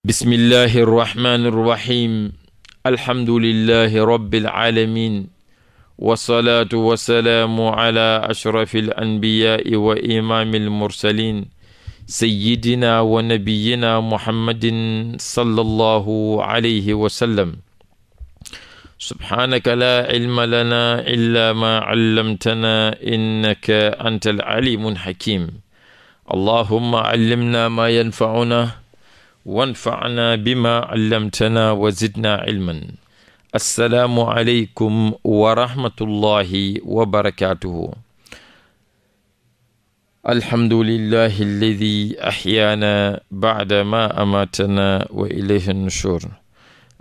bismillahi irrahmani irrahim alhamdulillahi rabbil alamin wasalaatu wasalaamu ala ashrafi alanbiyaai wa imaami almursalin sayidina wa nabiyina muhammadin sallallahu alayhi wa sallam subhaanaka laa cilma lanaa illaa maa callamtanaa innaka anta alcalimu alxakim allahumma callimna maa yanfacuna wanfacnaa bimaa callamtanaa wa zidnaa cilman assalaamu aleykum wa rahmatullahi wa barakaatuhu alhamdulillahi alladi axyaana bacda ma amaatana wa ilayhi nushur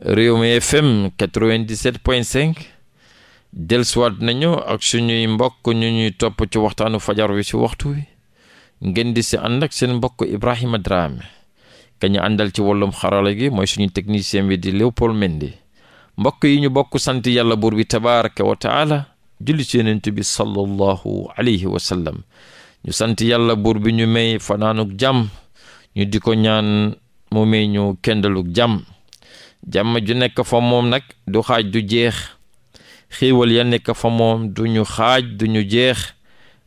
Rewmi FM 97.5 dellusiwaat nañu ak suñuy mbokk ñu ñuy topp ci waxtaanu fajar wi ci waxtu wi ngeen di si ànd ak seen mbokk Ibrahima Drame ka ñu àndal ci wàllum xarala gi mooy suñu technicien bi di Léopold Mendy mbokk yi ñu bokk sant yàlla buur bi tabaraka wa taala julli ci yonent bi sallallahu alayhi ñu sant yàlla buur bi ñu may fanaanuk jàmm ñu di ko ñaan mu may ñu kendaluk jàmm jàmm ju nekk fa moom nag du xaaj du jeex xiiwal ya nekk fa moom du ñu xaaj du ñu jeex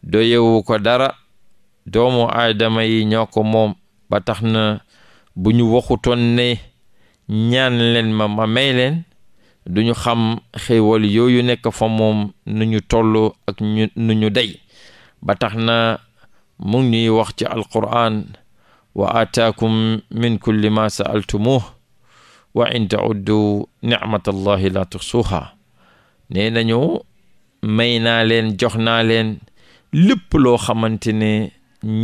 doyewu ko dara doomu aadama yi ñoo ko moom ba tax na bu ñu waxutoon ne ñaan leen ma ma may leen duñu xam xéewal yooyu nekk fa moom nu ñu toll ak ñu nu ñu dey ba tax na mu ñuy wax ci alquran wa aataakum min kulli ma saaltumuh wa in tauddu nicmatallahi la tuxsuuha nee nañu may naa leen jox naa leen lépp loo xamante ne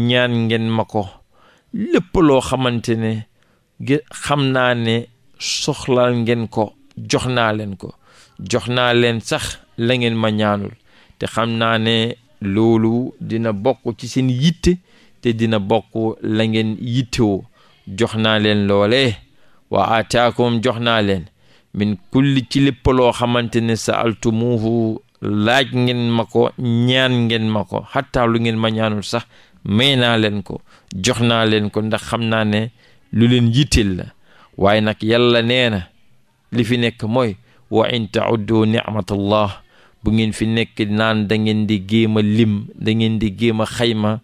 ñaan ngeen ma ko lépp loo xamante ne xam naa ne soxlaal ngeen ko jox naa leen ko jox naa leen sax la ngeen ma ñaanul te xam naa ne loolu dina bokk ci seen yitte te dina bokk la ngeen yittewoo jox naa leen loolee waa ataakum jox naa leen min kulli ci lépp loo xamante ne sa altumuhu laaj ngeen ma ñaan ngeen ma ko xataa lu ngeen ma ñaanul sax may naa leen ko jox naa leen ko ndax xam naa ne lu leen yitteel la waaye nag yalla nee na li fi nekk mooy wa in tauddu nicmatallah bu ngeen fi nekk naan dangeen di géem a lim da ngeen di géem a xayma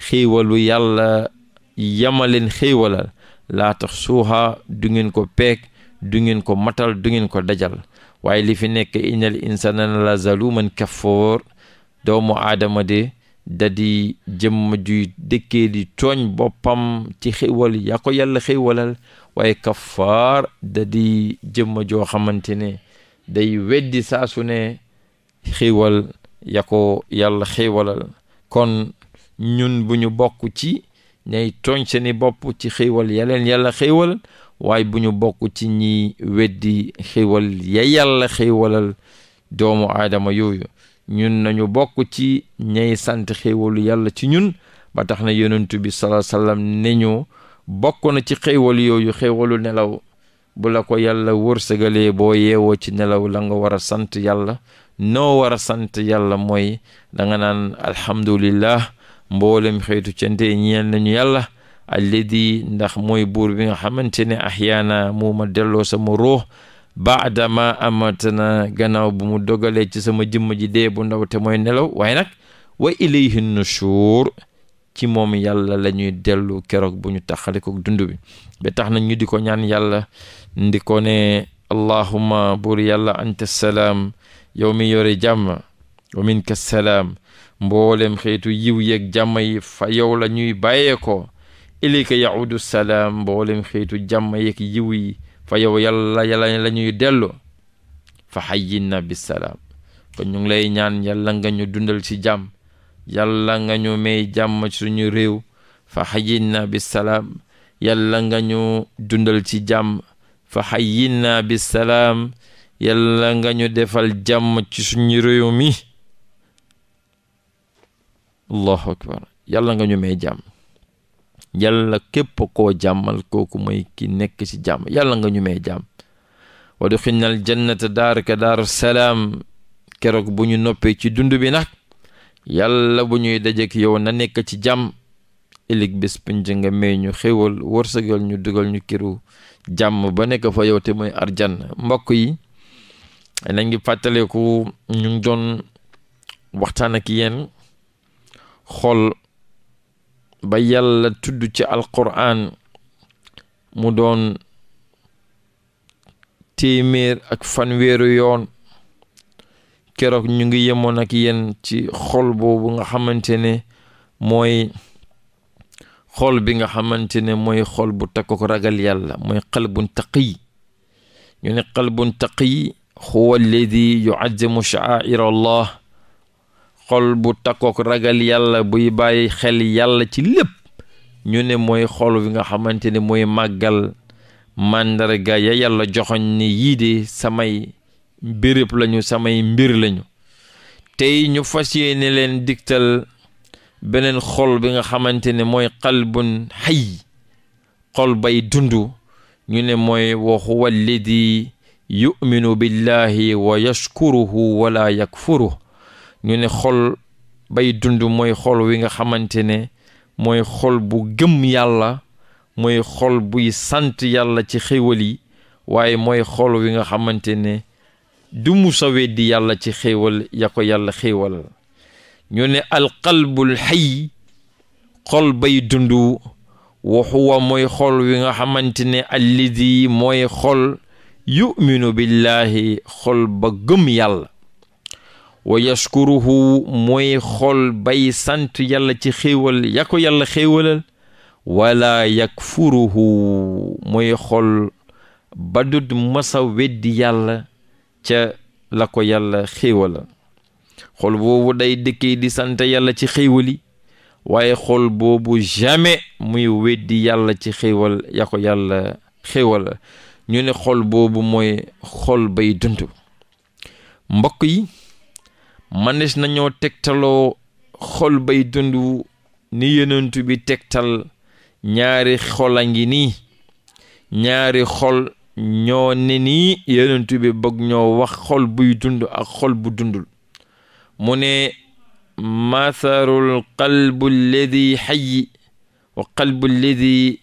xéewalu yàlla yamaleen xéewalal laa tax suuxa du ngeen ko peek du ngeen ko matal du ngeen ko dajal waaye li fi nekk innal insana la zaluman kafoor doomu aadama de da di jëmm juy dëkkee di tooñ boppam ci xéwal yaa ko yàlla xéwalal waaye kafaar da di jëmm joo xamante ne day weddi saa ne xéwal yaa ko yàlla xéwalal kon ñun bu ñu bokk ci ñay tooñ seeni bopp ci xéwal ya leen yàlla xéwal waaye bu ñu bokk ci ñi weddi xéwal ya yàlla xéwalal doomu aadama yooyu ñun nañu bokk ci ñay sant xéewalu yàlla ci ñun ba tax na yonent bi sallallahu alayhi wasallam ñu bokk na ci xéewal yooyu xéewalu nelaw bu la ko yàlla wërsëgalee boo yeewoo ci nelaw la nga war a sant yàlla noo war a sant yàlla mooy danga naan alhamdulillah mboolem xeetu cante ñeel nañu yàlla alladi ndax mooy buur bi nga xamante ne ahyaana mu ma delloo sama roo baadama amatana gannaaw bu mu dogalee ci sama jëmm ji dee bu ndaw te mooy nelaw waaye nag wa ilayhi ci moom yàlla lañuy dellu keroog bu ñu taxalikook dund bi ba tax na ñu di ko ñaan yàlla ndi ko ne allahuma buur yàlla anta salaam yow mi yore jàmm wa minka salaam mboolem xeetu yiw yeeg jàmm yi fa yow la ñuy bàyyee ko ilayka yaudu salaam mboolem xeetu jàmm yeeg yiw yi fa yow yàlla yàlla lañuy ñuy dellu fa xayin na bisalaam kon ñu ngi lay ñaan yàlla nga ñu dundal ci jàmm yàlla nga ñu may jàmm suñu réew fa xayin na bisalaam yàlla nga ñu dundal ci jàmm fa xayin na bisalaam yàlla nga ñu defal jàmm ci suñu réew mi allahu akbar yàlla nga ñu may jàmm yàlla képp koo jàmmal kooku mooy ki nekk ci jàmm yàlla nga ñu may jàmm wa duxilna al jannata daaraka daaru salaam keroog bu ñu noppee ci dund bi nag yàlla bu ñuy dajeek yow na nekk ci jàmm ëllëg bés pinj nga may ñu xéwal wërsëgal ñu dugal ñu kiru jàmm ba nekk fa yow te mooy arjanna mbokk yi na ngi fàttaleku ñu ngi doon waxtaan ak yéen xool ba yàlla tudd ci alquran mu doon téeméer ak fanweeru yoon keroog ñu ngi yemoon ak yéen ci xol boobu nga xamante ne mooy xol bi nga xamante ne mooy xol bu takku ragal yàlla mooy qalbun taqi ñu ne qalbun taqi huwa alladi yuazzimu sha'air allah xol bu takkook ragal yàlla buy bàyyi xel yàlla ci lépp ñu ne mooy xol bi nga xamante ne mooy màggal màndarga ya yàlla joxoñ ne yii de samay béréb lañu samay mbir lañu tey ñu fas yéene leen digtal beneen xol bi nga xamante ne mooy qalbun hayy xol bay dund ñu ne mooy wa huwa alladi yuminu billahi wa yashkuruhu wala yakfuruhu ñu ne xol bay dund mooy xol wi nga xamante ne mooy xol bu gëm yàlla mooy xol buy sant yàlla ci xéewal yi waaye mooy xol wi nga xamante ne du musa weddi yàlla ci xéewal yako yàlla xéewal ñu ne alqalbul xay xol bay dund waxuwa mooy xol wi nga xamante ne allidi mooy xol yuminu billahi xol ba gëm yàlla wa yashkuruhu mooy xol bay sant yàlla ci xéewal ya ko yàlla xéewalal wala yakfuruhu mooy xol ba dut masa weddi yàlla ca la ko yàlla xéewalal xol boobu day dëkkee di sant yàlla ci xéewal yi waaye xol boobu jamais muy weddi yàlla ci xéewal ya ko yàlla xéewalal ñu ne xol boobu mooy xol bay dund mbokk yi manes nañoo tegtaloo xol bay dund ni yenentu bi tegtal ñaari xol a ngi nii ñaari xol ñoo ni nii yenentu bi bëgg ñoo wax xol buy dund xol bu dundul mu ne matharul qalbu alladi hayyi wa qalbu alladi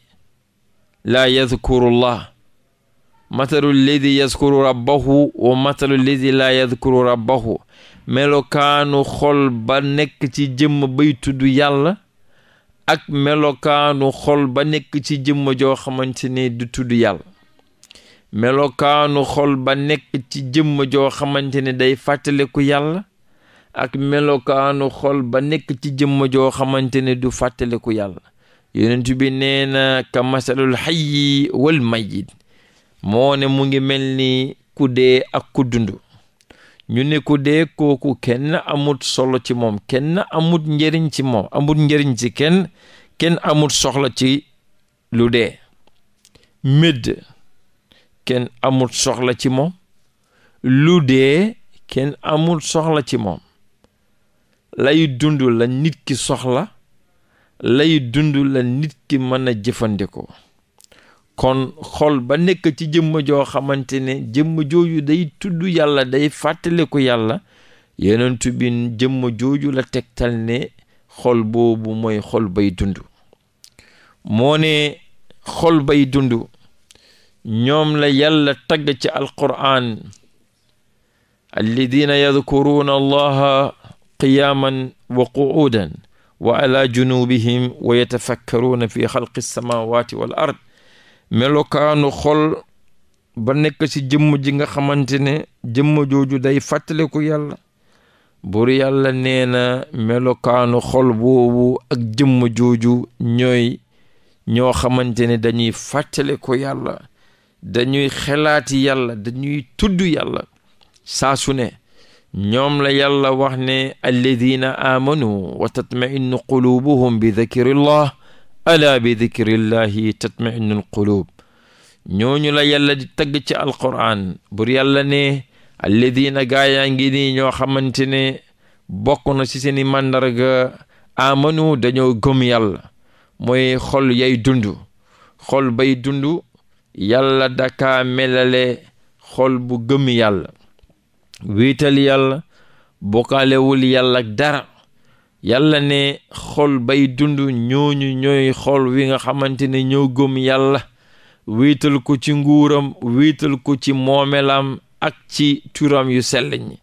laa yadkuru llah mathalu alladi yadkuru rabbahu wa mathalu alladi laa yadkuru rabbahu melokaanu xol ba nekk ci jëmm bay tudd yàlla ak melokaanu xol ba nekk ci jëmm joo xamante ne du tudd yàlla melokaanu xol ba jëmm joo xamante ne day fàttaliku yàlla ak melokaanu xol ba nekk ci jëmm joo xamante ne du fàttaliku yàlla yonent bi neena na ka masalul hayyi wal mayyit moo ne mu ngi mel ni ku dee ak ku dund ñu ne ku dee kooku kenn amut solo ci moom kenn amut njëriñ ci moom amut njëriñ ci kenn kenn amut soxla ci lu dee médd kenn amut soxla ci moom lu dee kenn amul soxla ci moom lay dund la nit ki soxla lay dundu la nit ki mën a jëfandikoo kon xol ba nekk ci jëmm joo xamante ne jëmm jooju day tudd yàlla day fàttaliku yàlla yenentu jëmm jooju la tegtal ne xol boobu mooy xol bay dund moo ne bay dund ñoom la yàlla tagg ci alquraan alladina yadkuruuna allaha qiyaaman wa qu'uudan wa ala junubihim wa yatafakkaruuna fi xalqi alsamawati wal ard melokaanu xol ba nekk ci jëmm ji nga xamante ne jëmm jooju day fàttaliku yàlla buur yàlla nee na melokaanu xol boobu ak jëmm jooju ñooy ñoo xamante ne dañuy ko yàlla dañuy xelaati yàlla dañuy tudd yàlla saa su ne ñoom la yàlla wax ne alladina amanu wa tatmainnu qulubuhum bi dhikrillah alaa bi dikrillahi tatma'innul quluub ñooñu la yàlla di tëgg ci alquraan bur yàlla ne alladina gaayaa ngi nii ñoo xamante ne bokk na ci seeni màndarga amanu dañoo gëm yàlla mooy xol yay dundu xol bay dundu yàlla dakaa melale xol bu gëm yàlla wéetal yàlla bokkaalewul yàlla ak dara yàlla ne xol bay dund ñooñu ñoy xol wi nga xamante ne ñoo gëm yàlla wiital ko ci nguuram wiital ko ci moomelam ak ci turam yu sell ñi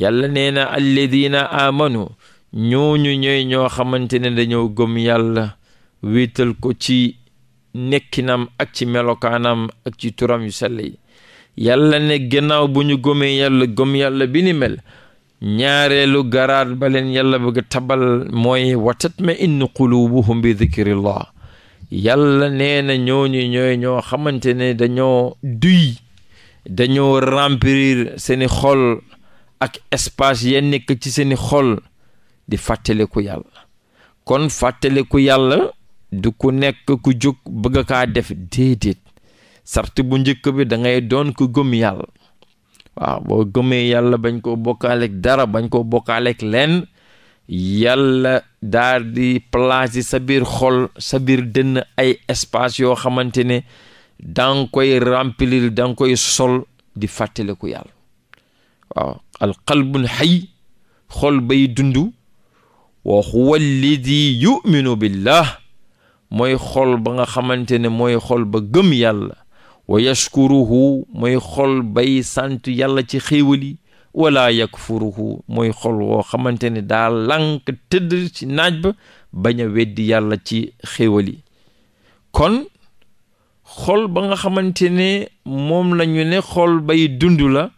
yàlla ne na alladina amanu ñooñu ñooy ñoo xamante ne dañoo gëm yàlla wiital ko ci nekkinam ak ci melokaanam ak ci turam yu sell yi yàlla ne gannaaw bu ñu gëmee yàlla gëm yàlla bi ni mel ñaareelu garaat baleen yàlla bëgg tabal mooy watat ma inn qulubuhum bi dhikrillah yàlla nee na ñooñu ñooy ñoo xamante ne dañoo duy dañoo remplir seeni xol ak espace ya ci seeni xol di ku yàlla kon fàttaliku yàlla du ku nekk ku jóg bëgg kaa def déedéet sart bu njëkk bi dangay doon ko gëm yàlla waaw boo gëmee yàlla bañ koo bokkaaleeg dara bañ koo bokkaaleeg lenn yàlla daal di placer sa biir xol sa biir dënn ay espace yoo xamante ne danga koy remplir danga koy sol di fàttaliku yàlla waaw al qalbun xay xol bay dund wa huwa alladi yuminu billah mooy xol ba nga xamante ne mooy xol ba gëm yàlla wa yashkuruhu mooy xol bay sant yàlla ci xéewal yi wala yakfuruhu mooy xol woo xamante ni daa lànk tëdd ci naaj ba bañ a weddi yàlla ci xéewal yi kon xol ba nga xamante ne moom lañu ne xol bay dund la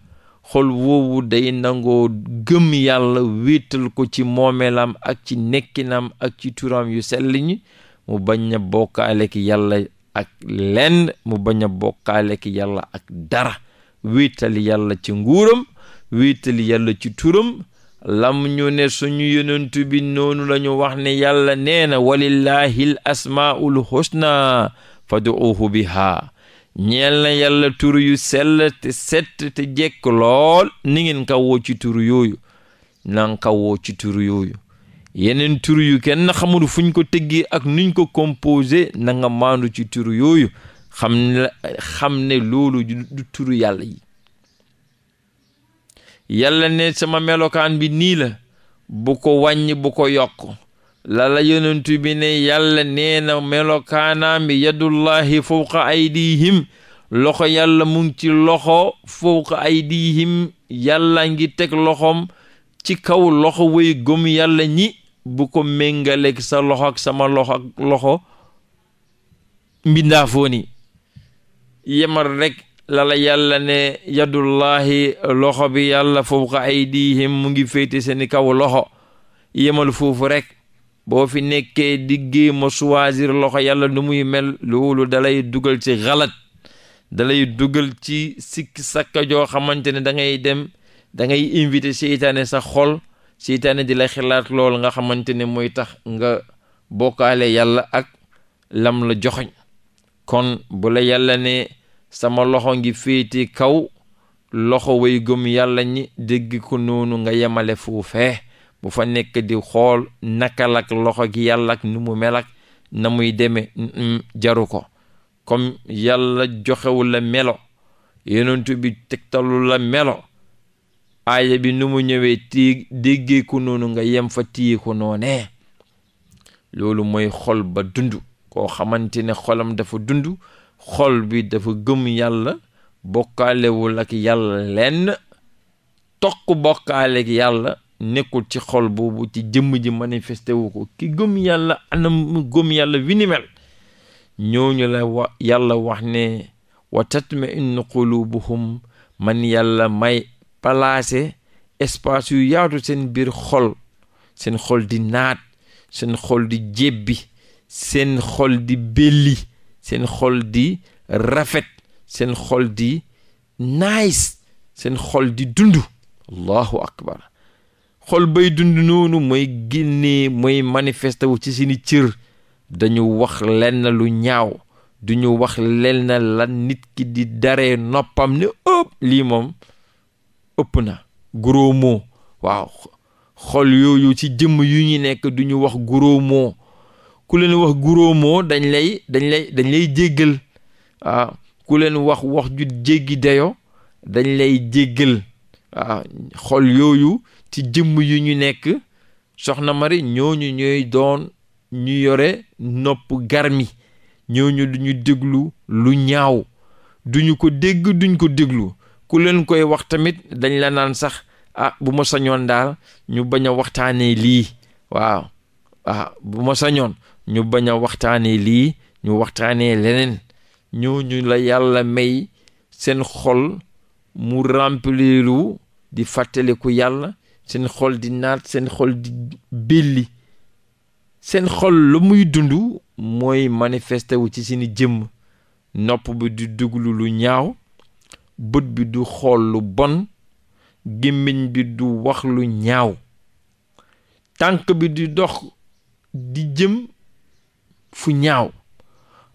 xol woowu day nangoo gëm yàlla wéetal ko ci moomeelam ak ci nekkinam ak ci turam yu sell ñi mu bañ a bokkaale ki yàlla ak lenn mu bañ a bokkaale ki yàlla ak dara wiitali yàlla ci nguuram wiitali yàlla ci turam lam ñu ne suñu yonentu bi noonu la ñu wax ne yàlla nee na walillahi l asmaul husna faduuhu biha ñeel na yàlla tur yu sell te set te jekk lool ni ngeen kawoo ci tur yooyu nan kawoo ci tur yooyu yeneen tur yu kenn xamul fuñ ko tëggee ak nuñ ko composé na maandu ci tur yooyu xam ne xam ne du turu yàlla yi yàlla ne sama melokaan bi nii la bu ko wàññi bu ko yokk lala yonent bi ne yàlla nee na melokaanaam bi yadullahi fawqa aydihim loxo yàlla mu ngi ci loxo fow aydi aydihim yàlla ngi teg loxom ci kaw loxo way gëm yàlla ñi bu ko méngaleeg sa loxo ak sama loxo ak loxo mbindaafoo ni yemal rek lala yàlla ne yadullahi loxo bi yàlla fawqa aydihim mu ngi féete seeni kaw loxo yemal foofu rek boo fi nekkee di ma choisir loxo yàlla nu muy mel loolu dalay dugal ci xalat dalay dugal ci sikki sakka joo xamante ne dangay dem dangay ngay invité seytaane sa xol seytaane di la xalaat loolu nga xamante ne mooy tax nga bokkaale yàlla ak lam la joxoñ kon bu la yàlla ne sama loxo ngi féete kaw loxo way gëm yàlla ñi dégg ko noonu nga yemale foofee bu fa nekk di xool nakalak loxo gi yàlla ak nu mu melak na muy deme jaru ko comme yàlla joxewu la melo yonentu bi tegtalu la melo aaya bi nu mu ñëwee ti déggee noonu nga yem fa téye ko noonee loolu mooy xol ba dund koo xamante ne xolam dafa dund xol bi dafa gëm yàlla bokkaalewul ak yàlla lenn tokk bokkaale yàlla nekkul ci xol boobu ci jëmm ji manifesté wu ko ki gëm yàlla anam gëm yàlla winimel ni mel ñooñu la yàlla wax ne wa tatma innu qulubuhum man yàlla may palaase espace yu yaatu seen biir xol seen xol di naat seen xol di jébbi seen xol di belli seen xol di rafet seen xol di nice seen xol di dund allahu akbar xol bay dund noonu mooy génnee mooy manifesté wu ci seeni cër dañu wax lenn lu ñaaw duñu wax lenn la nit ki di dare noppam ne ëpp lii moom ëpp na gros waaw xol yooyu ci jëmm yu ñu nekk duñu wax gros ku leen wax gros dañ lay dañ lay dañ lay jéggal waaw ku leen wax wax ju jéggi dayo dañ lay jéggal waaw xol yooyu ci jëmm yu ñu nekk soxna Mari ñooñu ñooy doon ñu yore nopp garmi ñooñu duñu déglu lu ñaaw duñu ko dégg duñ ko déglu ku leen koy wax tamit dañ la naan sax ah bu ma sañoon daal ñu bañ a waxtaanee lii waaw ah, bu ma sañoon ñu bañ a waxtaanee lii ñu waxtaanee leneen ñooñu la yàlla may seen xol mu rempliru di fàttaliku yàlla seen xol di naat seen xol di belli seen xol lu muy dund mooy manifestewu ci seeni jëmm nopp bi di déglu lu ñaaw but bi du xool lu bon gémmiñ bi du wax lu ñaaw tànk bi di dox di jëm fu ñaaw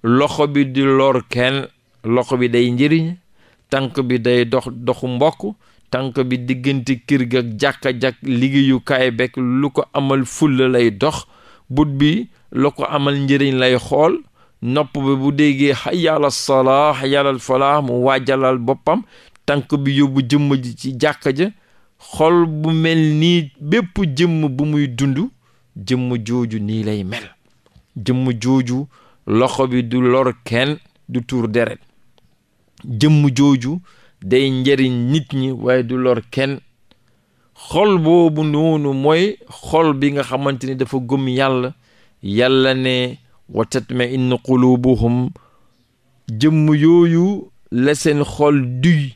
loxo bi di lor kenn loxo bi day njëriñ tànk bi day dox doxu mbokk tànk bi diggante kër ga ak jàkka-jàkk liggéeyukaay bekk lu ko amal fulla lay dox but bi la ko amal njëriñ lay xool nopp bi bu déggee hayya ala salaa hayya ala falaa mu waajalal boppam tànk bi yóbbu jëmm ji ci jàkka ja xol bu mel nii bépp jëmm bu muy dund jëmm jooju nii lay mel jëmm jooju loxo bi du lor kenn du tuur deret jëmm jooju day njëriñ nit ñi waaye du lor kenn xol boobu noonu mooy xol bi nga xamante ni dafa gëm yàlla yàlla ne wa tatma innu qulubuhum jëmm yooyu la seen xol duy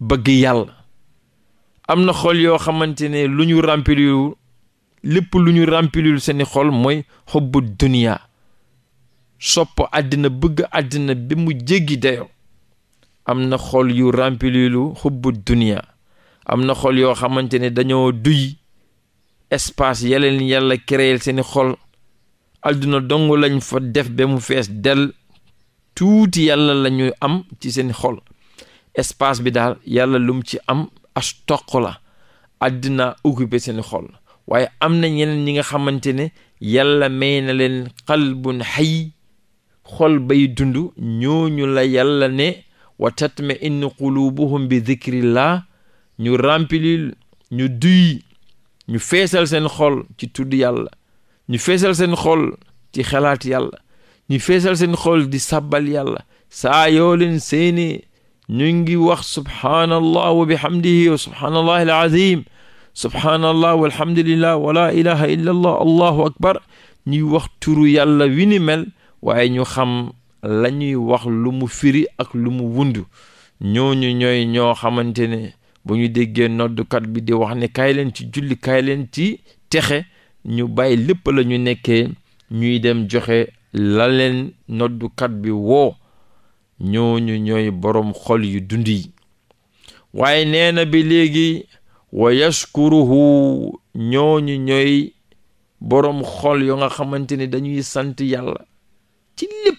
bëgg yàlla am na xol yoo xamante ne lu ñu rempilul lépp lu ñu rempilul seeni xol mooy xobbu duniya sopp àddina bëgg àddina bi mu jéggi dayoo am na xol yu remplilu xubbu duniya am na xol yoo xamante ne dañoo duy espace yaleen yàlla créer seeni xol adduna dong lañu fa def ba mu fees dell tuuti yàlla lañu am ci seen xol espace bi daal yàlla lum ci am as toq la addina occupé seeni xol waaye am na ñeneen ñi nga xamante ne yàlla may na leen qalbun hayy xol bay dund ñooñu la yàlla ne wa tatma innu qulubuhum bi dhikrillah ñu remplir ñu duy ñu feesal seen xol ci tudd yàlla ñu feesal seen xol ci xalaat yàlla ñu feesal seen xol di sabbal yàlla saa yoo leen seeni ñu ngi wax subhaanallah wa bihamdihi wa subhaanallah wa laa ilaha allah akbar ñuy wax turu yàlla wi mel waaye ñu xam la ñuy wax lu mu firi ak lu mu wundu ñooñu ñooy ñoo xamante ne bu ñu déggee noddukat bi di wax ne kaay leen ci julli kaay leen ci texe ñu bàyyi lépp la ñu nekkee ñuy dem joxe la leen noddukat bi woo ñoo ñu ñooy boroom xol yu dund yi waaye neena bi léegi wa yashkuruhu ñooñu ñooy boroom xol yoo nga xamante ne dañuy sant yàlla ci lépp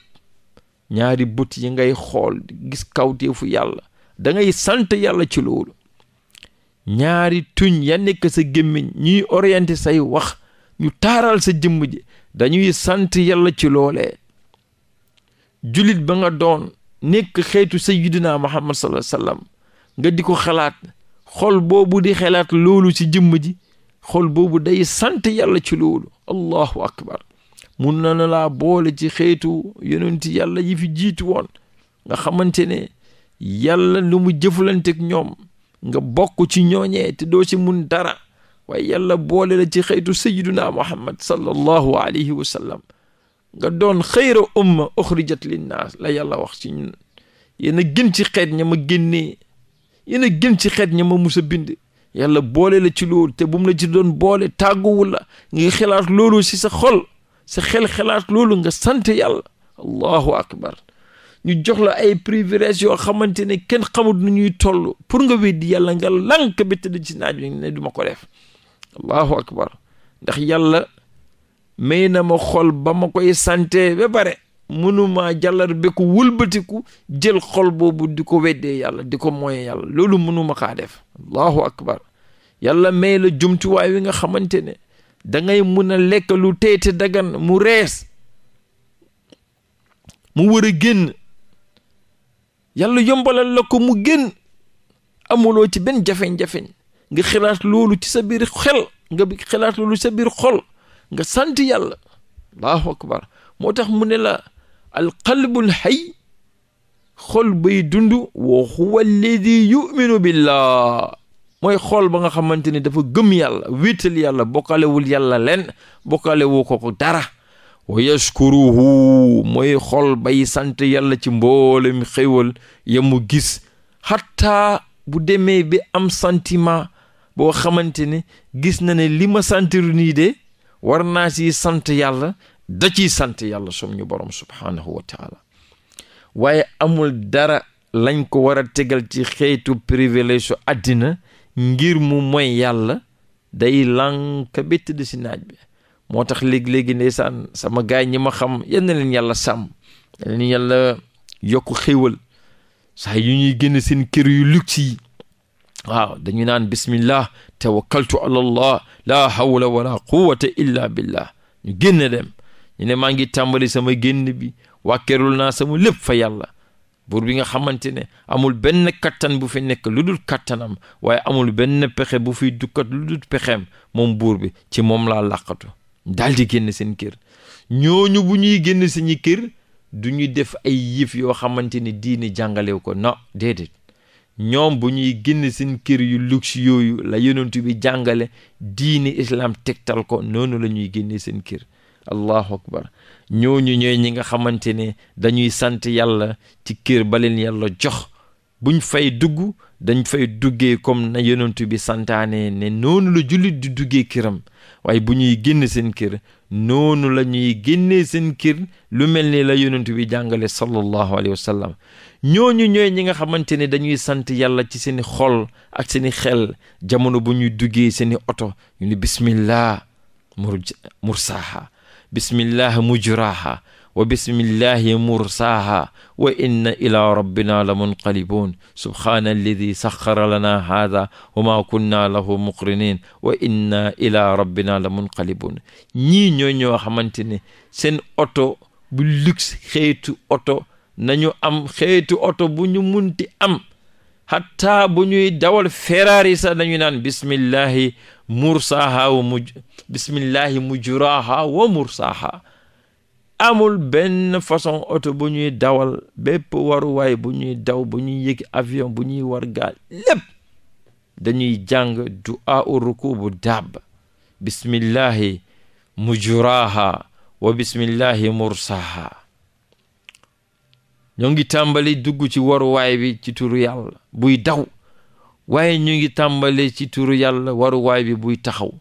ñaari bët yi ngay xool gis kawteefu yàlla dangay sant yàlla ci loolu ñaari tuñ ya nekk sa gémmiñ ñuy orienté say wax ñu taaral sa jimm ji dañuy sant yàlla ci loole julit ba nga doon nekk xeetu sayyidina muhammad sallallahu alayhi wasallam nga di ko xalaat xol boobu di xalaat loolu ci jimm ji xol boobu day sant yàlla ci loolu allahu akbar mun na laa boole ci xeetu yonenti yàlla yi fi jiitu woon nga xamante ne yàlla lu mu jëflanteek ñoom nga bokk ci ñooñee te doo ci mun dara waaye yàlla boole la ci xëytu sayyiduna muhammad sallallahu alayhi wa sallam nga doon xayra umma uxrijat linnaas la yàlla wax ci ñun yéen a gën ci xeet ña ma génnee yéen a gën ci xeet ña ma musa bind yàlla boole la ci loolu te bu la ci doon boole tàgguwul la nga xalaat loolu si sa xol sa xel xalaat loolu nga sant yàlla allahu akbar ñu jox la ay privilèges yoo xamante ne kenn xamut nu ñuy toll pour nga weddi yàlla nga lànk bi tëdd ci naaj wi ne du ko def allahu akbar ndax yàlla may na ma xol ba ma koy sante ba bare mënumaa jàllar be ko wëlbatiku jël xol boobu di ko weddee yàlla di ko moye yàlla loolu mënuma xaa def allahu akbar yàlla may la jumtuwaay wi nga xamante ne da ngay mun a lekk lu teete dagan mu rees mu war a génn yàlla yombalal la ko mu génn amuloo ci benn jafeñ-jafeñ nga xalaat loolu ci sa biir xel nga xalaat loolu ci sa biir xol nga sant yàlla allahu akbar moo tax mu ne la al qalbul hay xol bay dund wa huwa alladi yuminu billah mooy xol ba nga xamante ne dafa gëm yàlla wéetal yàlla bokkalewul yàlla leen bokkale woo ko ko dara wa yashkuruhu mooy xol bay sant yàlla ci mboole xéwal ya mu gis xatta bu demee bi am sentiment boo xamante ne gis na ne li ma santiru nii de war naa si sant yàlla da ciy sant yàlla som ñu borom subhaanahu wa waaye amul dara lañ ko war a tegal ci xeetu privilège su àddina ngir mu moy yàlla day lànk ba tëdd si naaj bi moo tax léegi-léegi ndeysaan sama gaay ñi ma xam yal na leen yàlla sàmm yal yàlla yokk xéewal saa yu ñuy génn seen kër yu luxe yi waaw dañu naan bismillah tawakkaltu ala la hawla wala quwwata illa billah ñu génn dem ñu ne maa ngi tàmbali sama génn bi wàkkeerul naa sama lépp fa yàlla buur bi nga xamante ne amul benn kattan bu fi nekk lu dul kattanam waaye amul benn pexe bu fi dukkat lu dul pexeem moom buur bi ci moom laa làqatu daal di génn seen kër ñooñu bu ñuy génn seeni kër du ñu def ay yëf yoo xamante ne diine jàngalew ko non déedéet ñoom bu ñuy génn seen kër yu luxe yooyu la yonent bi jàngale diini islam tegtal ko noonu la ñuy génne seen kër allahu akbar ñooñu ñooy ñi nga xamante ne dañuy sant yàlla ci kër ba leen yàlla jox buñ fay dugg dañ fay duggee comme na yonent bi santaane ne noonu la jullit di duggee këram waaye bu ñuy génn seen kër noonu la ñuy génnee seen kër lu mel ni la yonent bi jàngale sallallahu alayhi wa ñooñu ñooy ñi nga xamante ne dañuy sant yàlla ci seeni xol ak seeni xel jamono bu ñuy duggee seeni oto ñu ni bismillah murj mursaha bismillah mujraha wa bismillahi mursaha wa inna ila rabbina la munqalibun subhaana alladi saxara lana haada wa maa kunna lahu muqrinin wa inna ila rabbina la munqalibun ñii ñoo ñoo xamante ne seen oto bu luxe xeetu oto nañu am xeetu oto bu ñu munti am hatta bu ñuy dawal ferrari sax nañu naan bismillahi mursaha wa mu bismillahi mujuraha wa mursaha amul benn façon oto bu ñuy dawal bépp waruwaay bu ñuy daw bu ñuy yëg avion bu ñuy war gaal lépp dañuy jàng du'a u rukubu daab bismillahi mujuraha wa bismillahi mursaha ñoo ngi tàmbali dugg ci waruwaay bi ci turu yàlla buy daw waaye ñu ngi tàmbali ci turu yàlla waruwaay bi buy taxaw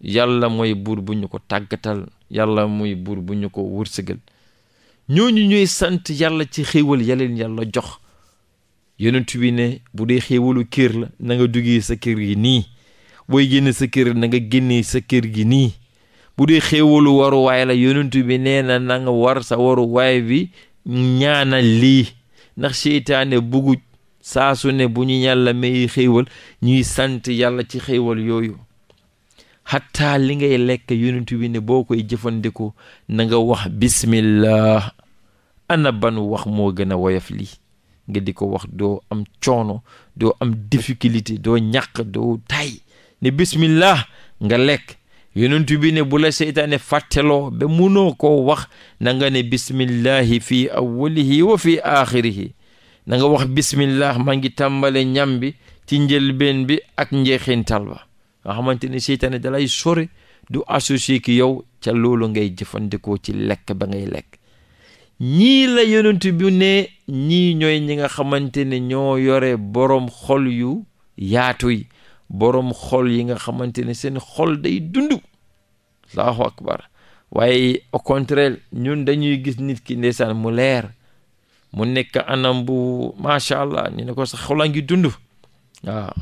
yàlla mooy buur bu ñu ko tàggatal yàlla mooy buur bu ñu ko wërsëgal ñooñu ñuy sant yàlla ci xéewal yaleen yàlla jox yonent bi ne bu dee xéewalu kër la nanga nga duggee sa kër gi nii booy génn sa kër nanga nga génnee sa kër gi nii bu dee xéewalu waruwaay la yonent bi nee na na war sa waruwaay bi ñaanal lii ndax seytaane buggu saasu ne bu ñu yàlla may xéewal ñuy sant yàlla ci xéewal yooyu xataa li ngay lekk yonent bi boo koy jëfandikoo na nga wax bismillah ana wax moo gën a woyof lii nga di ko wax doo am coono doo am difficulté doo ñàkk doo tay ne bismillah nga lekk yonent bi ne bu la seytaane fàtteloo ba munoo ko wax nanga nga ne bismillahi fii awwalihi wa fii axirihi na nanga wax bismillah maa ngi tàmbale ñam bi ci njëlbeen bi ak njeexintal ba nga xamante ne seytaane dalay sore du associé ki yow ca loolu ngay jëfandikoo ci lekk ba ngay lekk ñii la yonent bi ne ñii ñooy ñi nga xamante ne ñoo yore boroom xol yu yaatu yi boroom xol yi nga xamante ne seen xol day dund allahu akbar waaye au contraire ñun dañuy gis nit ki ndeysaan mu leer mu nekk anam bu macha allah ñu ne ko sax xolaa ngi dund waaw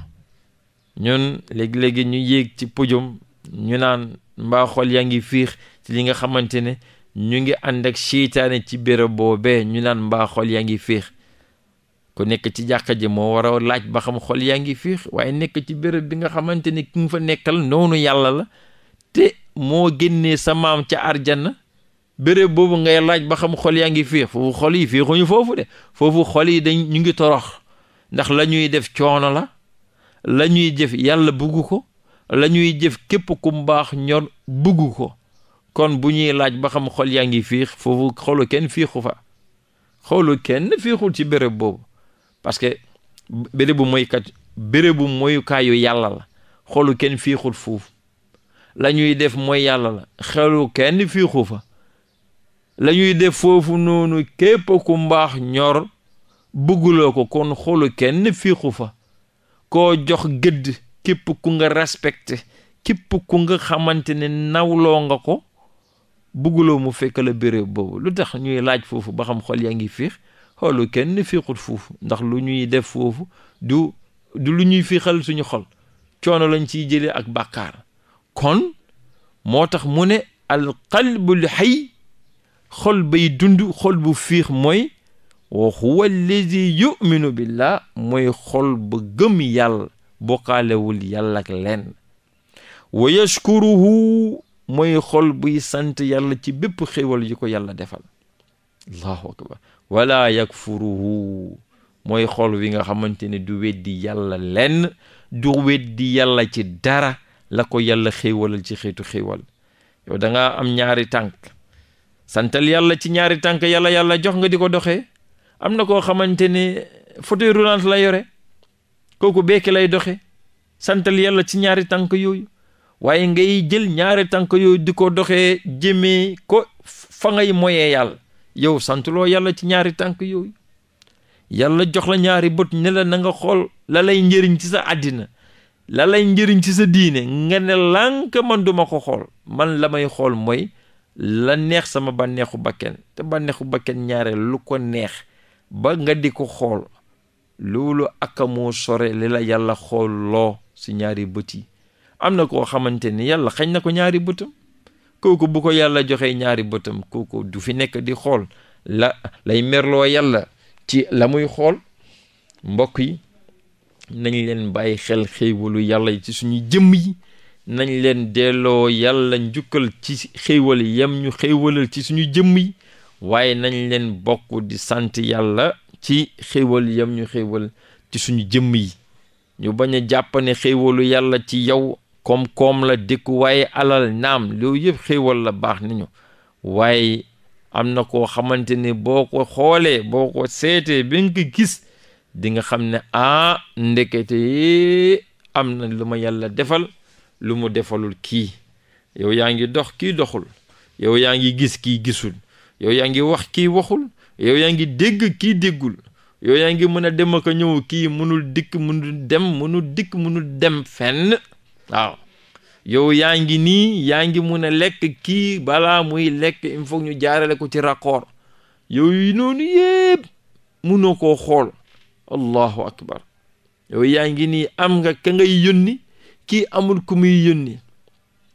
ñun léegi-léegi ñu yéeg ci pojum ñu naan mbaa xol yaa ngi fiix ci li nga xamante ne ñu ngi ànd ak seytaane ci béréb boobee ñu naan mbaa xol yaa ngi fiix ku nekk ci jàq ji moo war a laaj ba xam xol yaa ngi fiix waaye nekk ci béréb bi nga xamante ni ki nga fa nekkal noonu yàlla la te moo génnee sa maam ca arjana béréb boobu ngay laaj ba xam xol yaa ngi fiix foofu xol yi fiixuñu foofu foofu xol yi dañ ñu ngi torox ndax la def coono la la ñuy jëf yàlla bugg ko la ñuy jëf képp ku mbaax ñor bugg ko kon bu ñuy laaj ba xam yaa ngi fiix foofu xolu kenn fiixu fa xolu kenn fiixul ci béréb boobu parce que bérébu moykat bérébu moyukaayu yàlla la xolu kenn fiixul foofu la ñuy def mooy yàlla la xelu kenn fiixu fa lañuy def foofu noonu képp ku mbaax ñor bëgguloo ko kon xolu kenn fiixu fa koo jox gëdd képp ku nga respecté képp ku nga xamante ne nawloo nga ko bugguloo mu fekk la béréb boobu lu tax ñuy laaj foofu ba xam xol yaa ngi fiix loolu kenn fiixut foofu ndax lu ñuy def foofu du lu ñuy fiixal suñu xol coono lañ ciy jëlee ak bàkkaar kon moo tax mu ne alqalbul xay xol bay dund xol bu fiix mooy wa huwa allazi yuminu billah mooy xol ba gëm yàlla bokkaalewul yàlla ak leen wa yashkuruhu mooy xol buy sant yàlla ci bépp xéwal yi ko yàlla defal wala yakfuruhu mooy xool wi nga xamante ne du weddi yàlla lenn du weddi yàlla ci dara la ko yàlla xéewalal ci xeetu xéewal yow da am ñaari tànk santal yàlla ci ñaari tànk yàlla yàlla jox nga di ko doxee am na koo xamante ne fauteuil roulant la yore kooku bekke lay doxe santal yàlla ci ñaari tànk yooyu waaye ngay jël ñaari tànk yooyu di ko doxee jëmee ko fa ngay moyee yàlla yow santuloo yàlla ci ñaari tànk yooyu yàlla jox la ñaari bët ne la na nga xool la lay njëriñ ci sa àddina la lay njëriñ ci sa diine nga ne lànk man duma ko xool man la may xool mooy la neex sama bànneexu bakken te bànneexu bakken ñaare lu ko neex ba nga di ko xool loolu ak sore li la yàlla xool loo si ñaari bët yi am na koo xamante ni yàlla xañ na ko ñaari bëtam kooku bu ko yàlla joxee ñaari bëtam kooku du fi nekk di xool la lay merloo yàlla ci la muy xool mbokk yi nañ leen bàyyi xel xéewalu yàlla ci suñu jëmm yi nañ leen delloo yàlla njukkal ci xéewal yam ñu xéewalal ci suñu jëmm waaye nañ leen bokk di sant yàlla ci xéewal yam ñu xéewal ci suñu jëmm yi ñu bañ a jàpp xéewalu yàlla ci yow koom-koom la dëkkuwaay alal naam loolu yëpp xéewal la baax nañu waaye am na koo xamante ne boo ko xoolee boo ko seetee ba ngi gis dinga xam ne aa ah, ndekete am na lu ma yàlla defal lu mu defalul kii yow yaa ngi dox kii doxul yow yaa ngi gis kii gisul yow yaa ngi wax kii waxul yow yaa ngi dégg kii déggul yow yaa ngi mën a dem ak a ñëw kii mënul dikk mënul dem mënul dikk mënul dem fenn waaw yow yaa ngi nii yaa ngi mun a lekk kii balaa muy lekk il faut ñu jaarale ko ci raccord yow yu noonu yëpp munoo koo xool allahu akbar yow yaa ngi nii am nga ka ngay yónni kii amul ku muy yónni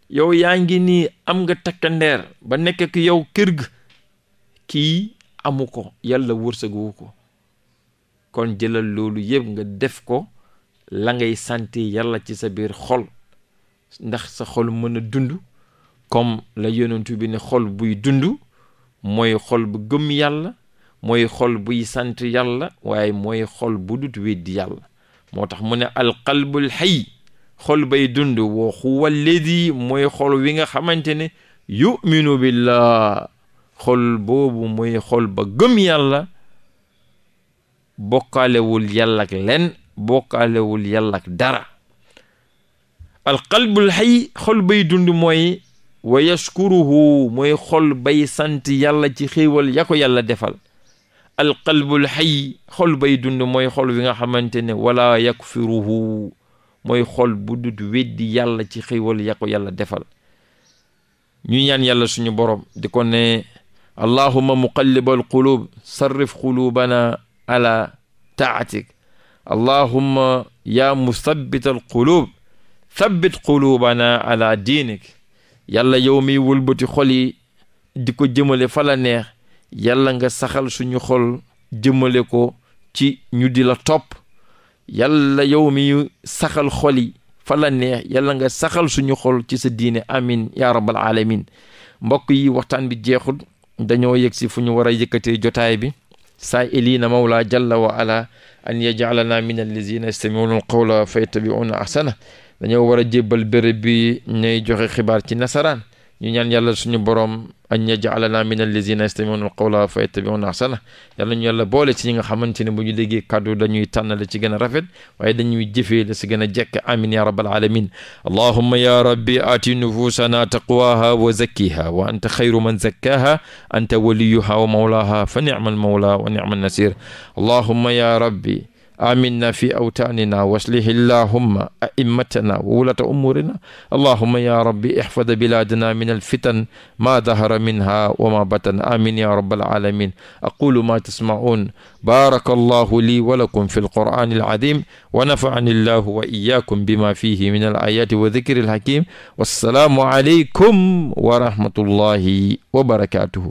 yow yaa ngi nii am nga takkandeer ba nekk ak yow kër gi kii amu ko yàlla wërsëguwu ko kon jëlal loolu yëpp nga def ko la ngay santi yàlla ci sa biir xol ndax sa xol mën a dund comme la yonentu bi ne xol buy dund mooy xol bu gëm yàlla mooy xol buy sant yàlla waaye mooy xol bu dut weddi yàlla moo tax mu ne alqalbul xay xol bay dund wa huwa alladi mooy xol wi nga xamante ne yuminu la xol boobu mooy xol ba gëm yàlla bokkaalewul yàlla ak lenn bokkaalewul yàlla ak dara alqalbul xay xol bay dund mooy wa yashkuruhu mooy xol bay sant yàlla ci xéewal ya ko defal alqalbul xay xol bay dund mooy xol wi nga xamante ne wala yakfiruhu mooy xol bu dut weddi yàlla ci xéewal ya yàlla defal ñu ñaan yàlla suñu borom di ko ne allahuma muqallibal qulub sarrif qulubana ala taatik allahuma ya musabbital qulub thabbit quluubana ala diinik yàlla yow miy wëlbati xol yi di ko jëmale fala neex yàlla nga saxal suñu xol jëmale ko ci ñu di la topp yàlla yow mi saxal xol yi neex yàlla nga saxal suñu xol ci sa diine amin ya rabbal alamin mbokk yi waxtaan bi jeexul dañoo yëg si fu ñu war a yëkkatee jotaay bi saa ilina mawla jalla wa ala an yajalana min allazina yastamiuna alqawla fa yattabiuna ahsana dañoo war a jébbal béréb bi ñay joxe xibaar ci nasaraan ñu ñaan yàlla suñu borom an yajalana min allazina yastamiuna alqawla fa yattabiuna ahsana yàlla ñu yàlla boole ci ñi nga xamante ne bu ñu déggee kàddu dañuy tànnale ci gën a rafet waaye dañuy jëfee la si gën a jekk amin ya rabbal alamin allahumma ya rabbi aati nufusana taqwaha wa zakkiha wa anta xayru man zakkaha anta waliyuha wa mawlaha fa nicma almawla wa nicma alnasir allahumma ya rabbi aminna fi awtaanina waslih illahumma a'immatana wa wulata umuurina allahumma ya rabbi ihfad biladana min alfitan ma dahara minha wa ma batan amin ya rabbal alamin aqulu ma tasma'un baraka allahu li wa lakum fi alqur'ani alazim wa nafa'ani allahu wa iyyakum bima fihi min alayati wa dhikri alhakim wassalaamu alaykum wa rahmatullahi wa barakatuhu